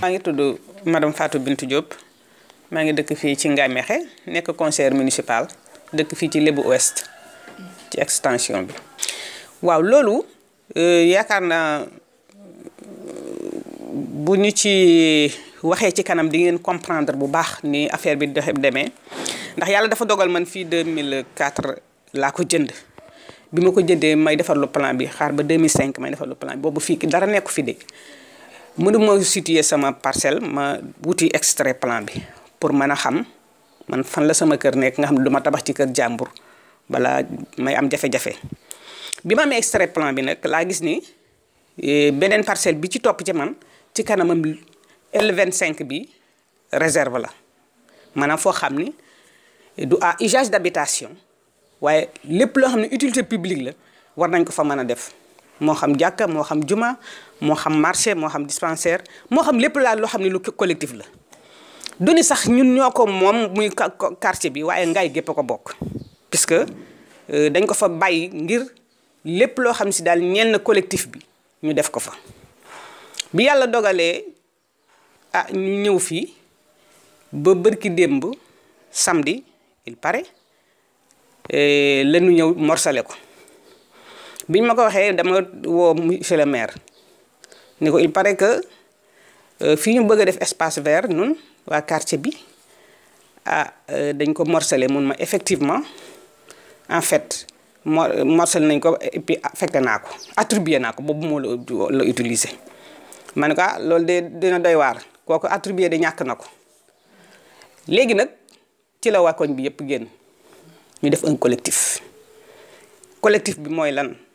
maa ngi tudd madame Fatou Bintou Diop mangi ngi dëkk fii ci Ngamékhé nekk municipal dëkk fii ci Lébu Ouest ci extension bi waaw loolu euh, yaakaar naa euh, bu ñu ci waxee ci kanam di ngeen comprendre bu baax ni affaire bi doxe demee ndax yàlla dafa dogal man fii 2004 laa ko jënd bi ma ko jëndee may defar lu plan bi xaar ba 2005 may defar lu plan bi boobu fii dara nekku fi de mënu ma situer sama parcel ma wuti extrait plan bi pour mëna xam man fan la sama kër nek nga xam duma du ma tabax ci kër jambour bala may am jafe-jafe bi ma amee extrait plan bi nak la gis ni e, benen parcel bi ci top ci man ci kanamam L25 bi réserve la Mana fo xam ni du a usage d'habitation waye lepp lo xamni utilité publique la war nañ ko fa mëna def moo xam jàkka moo xam juma moo xam marché moo xam dispensaire moo xam lépp laa loo xam ne lu collectif la du ni sax ñun ñoo ko moom muy quartier bi waaye ngaay gépp a ko bokk puisque euh, dañ ko fa bàyyi ngir lépp loo xam si daal ñenn collectif bi ñu def ko fa bi yàlla dogalee ah ñu ñëw fii ba bërki démb samedi il paraît euh, lanu ñëw morsale ko biñ ma ko waxee dama woo monsieur le maire ni ko il paraît que euh, fii ñu bëgg a def espace vert nun waa quartier bi ah euh, dañ ko morcelé mun ma effectivement en fait morcelé nañ ko et puis affecté naa ko attribué naa ko boobu moo la utiliser ma ne ko ah loolu de dina doy waar kooku attribué de ñàkk na ko léegi nag ci la waa koñ bi yëpp génn ñu def un collectif collectif bi mooy lan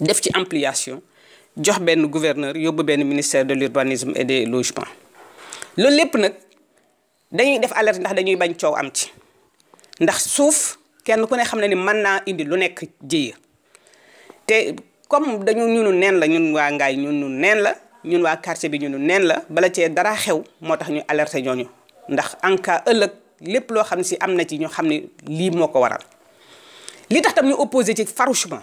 def ci ampliation jox benn gouverneur yóbbu benn ministère de l'urbanisme et des logements loolu lépp nag dañuy def alerte ndax dañuy bañ coow am ci ndax suuf kenn ku ne xam ne ni mën naa indi lu nekk jéeya te comme dañu ñunu neen la ñun waa Ngaye ñunu neen la ñun waa quartier bi ñunu neen la bala cee dara xew moo tax ñu alerter ñooñu ndax en ëllëg lépp loo xam si am na ci ñu xam ne lii moo ko waral li tax tam ñu opposé ci farouchement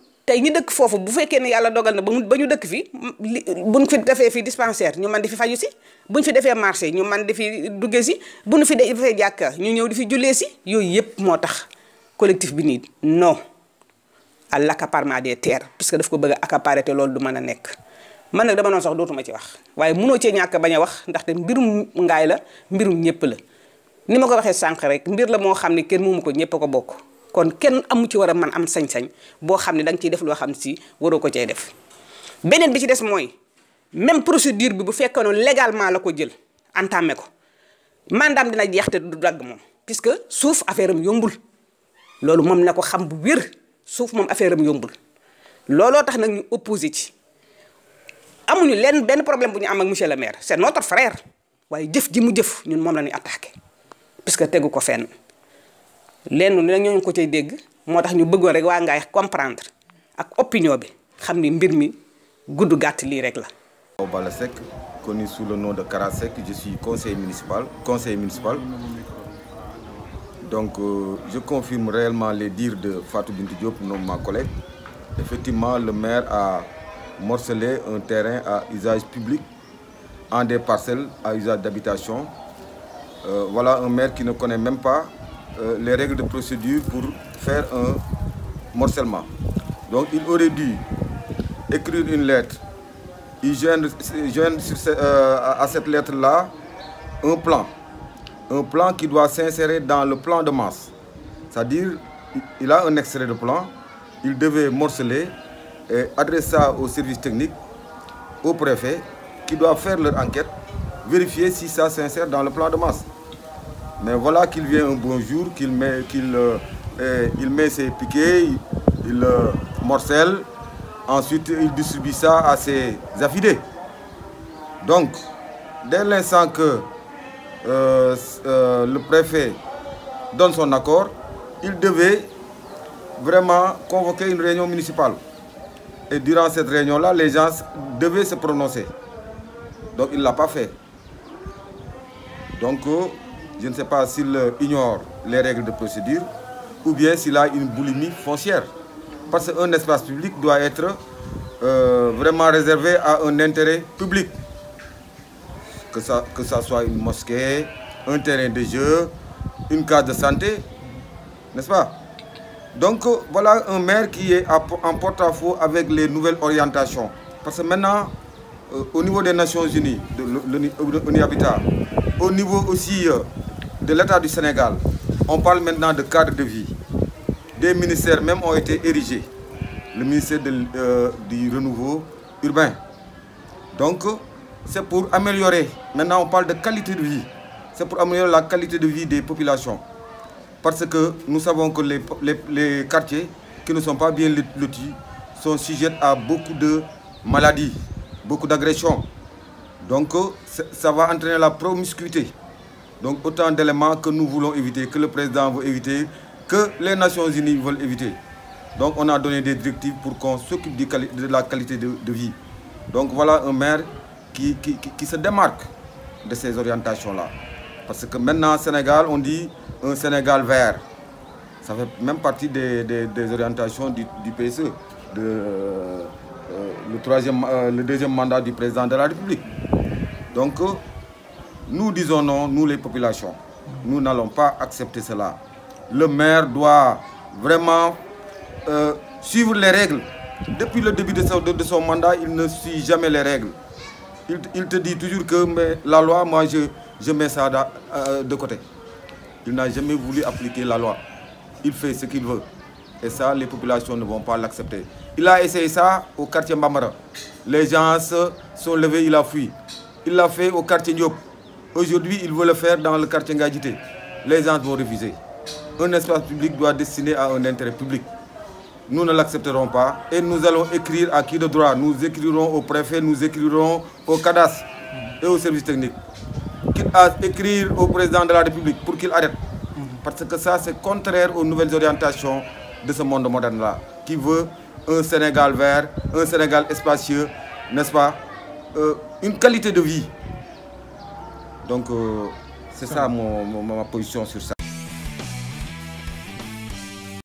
tay ñu dëkk fofu bu fekkee ni yalla dogal na bañu dëkk fi buñ fi défé fi dispensaire ñu man di fi faju ci buñ fi défé marché ñu man di fi duggé ci buñ fi défé jakk ñu ñëw di fi jullé ci yoy yépp moo tax collectif bi nii non à l'accaparement des terres parce que daf ko bëgg accaparer té loolu du mëna nekk man nak dama non sax dootuma ci wax waye mëno ci ñak baña wax ndax té mbirum ngaay la mbirum ñëpp la ni ma ko waxé sank rek mbir la mo xamni ne kenn mu ko ñëpp ko bokk kon kenn amu ci wara man am sañ-sañ bo xamni dang ci def lo xamni ci waro ko cey def benen bi ci dess moy même procédure bi bu fekkono légalement la ko jël entamé ko mandam dina jeex du dag mom puisque souf affaire yombul loolu mom nako Ham xam bu wir souf mom affaire am yombul Lolo tax nak ñu opposé ci amuñu len benn problème bu ñu am ak monsieur le maire c'est notre frère waye jëf ji mu jëf ñun mom lañuy attaquer puisque tegu ko fenn lenn lu ñu ko cay dégg moo ñu rek comprendre ak opinion bi xam ni mbir mi gudd gàtt lii rek la. connu sous le nom de Karasek je suis conseiller municipal conseiller municipal donc euh, je confirme réellement les dires de Fatou Binti Diop mon ma collègue effectivement le maire a morcelé un terrain à usage public en des parcelles à usage d'habitation euh, voilà un maire qui ne connaît même pas euh, les règles de procédure pour faire un morcellement. Donc il aurait dû écrire une lettre, il gêne euh, à cette lettre-là un plan, un plan qui doit s'insérer dans le plan de masse. C'est-à-dire, il a un extrait de plan, il devait morceler et adresser ça au service technique, au préfet, qui doit faire leur enquête, vérifier si ça s'insère dans le plan de masse. Mais voilà qu'il vient un bonjour, qu'il met, euh, euh, met ses piquets, il, euh, morcelle, ensuite il distribue ça à ses affidés. Donc, dès l'instant que le préfet donne son accord, il devait vraiment convoquer une réunion municipale. Et durant cette réunion-là, les gens devaient se prononcer. Donc il ne l'a pas fait. Donc je ne sais pas s'il euh, ignore les règles de procédure ou bien s'il a une boulimie foncière. Parce qu'un espace public doit être euh, vraiment réservé à un intérêt public. Que ça, que ça soit une mosquée, un terrain de jeu, une case de santé, n'est-ce pas Donc euh, voilà un maire qui est en porte-à-faux avec les nouvelles orientations. Parce que maintenant, au niveau des Nations Unies, de l'ONU Habitat, au niveau aussi de l'État du Sénégal, on parle maintenant de cadre de vie. Des ministères même ont été érigés. Le ministère euh, du renouveau urbain. Donc, c'est pour améliorer. Maintenant, on parle de qualité de vie. C'est pour améliorer la qualité de vie des populations. Parce que nous savons que les, les quartiers qui ne sont pas bien lotis sont sujets à beaucoup de maladies, beaucoup d'agressions. Donc, ça va entraîner la promiscuité. Donc autant d'éléments que nous voulons éviter, que le président veut éviter, que les Nations Unies veulent éviter. Donc on a donné des directives pour qu'on s'occupe de la qualité de, vie. Donc voilà un maire qui, se démarque de ces orientations-là. Parce que maintenant, au Sénégal, on dit un Sénégal vert. Ça fait même partie des, orientations du, du, PSE, de, euh, le, troisième, euh, le deuxième mandat du président de la République. Donc, euh, nous disons non, nous les populations. Nous n'allons pas accepter cela. Le maire doit vraiment euh, suivre les règles. Depuis le début de son, mandat, il ne suit jamais les règles. Il, te dit toujours que la loi, moi je, mets ça euh, de côté. Il n'a jamais voulu appliquer la loi. Il fait ce qu'il veut. Et ça, les populations ne vont pas l'accepter. Il a essayé ça au quartier Mbamara. Les gens se sont levés, il a fui. Il l'a fait au quartier Diop. Aujourd'hui, il veut le faire dans le quartier Ngadjité. Les gens vont refuser. Un espace public doit destiné à un intérêt public. Nous ne l'accepterons pas et nous allons écrire à qui de droit. Nous écrirons au préfet, nous écrirons au Cadas et au service technique. à écrire au président de la République pour qu'il arrête. Parce que ça, c'est contraire aux nouvelles orientations de ce monde moderne-là, qui veut un Sénégal vert, un Sénégal espacieux, n'est-ce pas euh, Une qualité de vie donc, euh, c'est ça mon, ma position sur ça.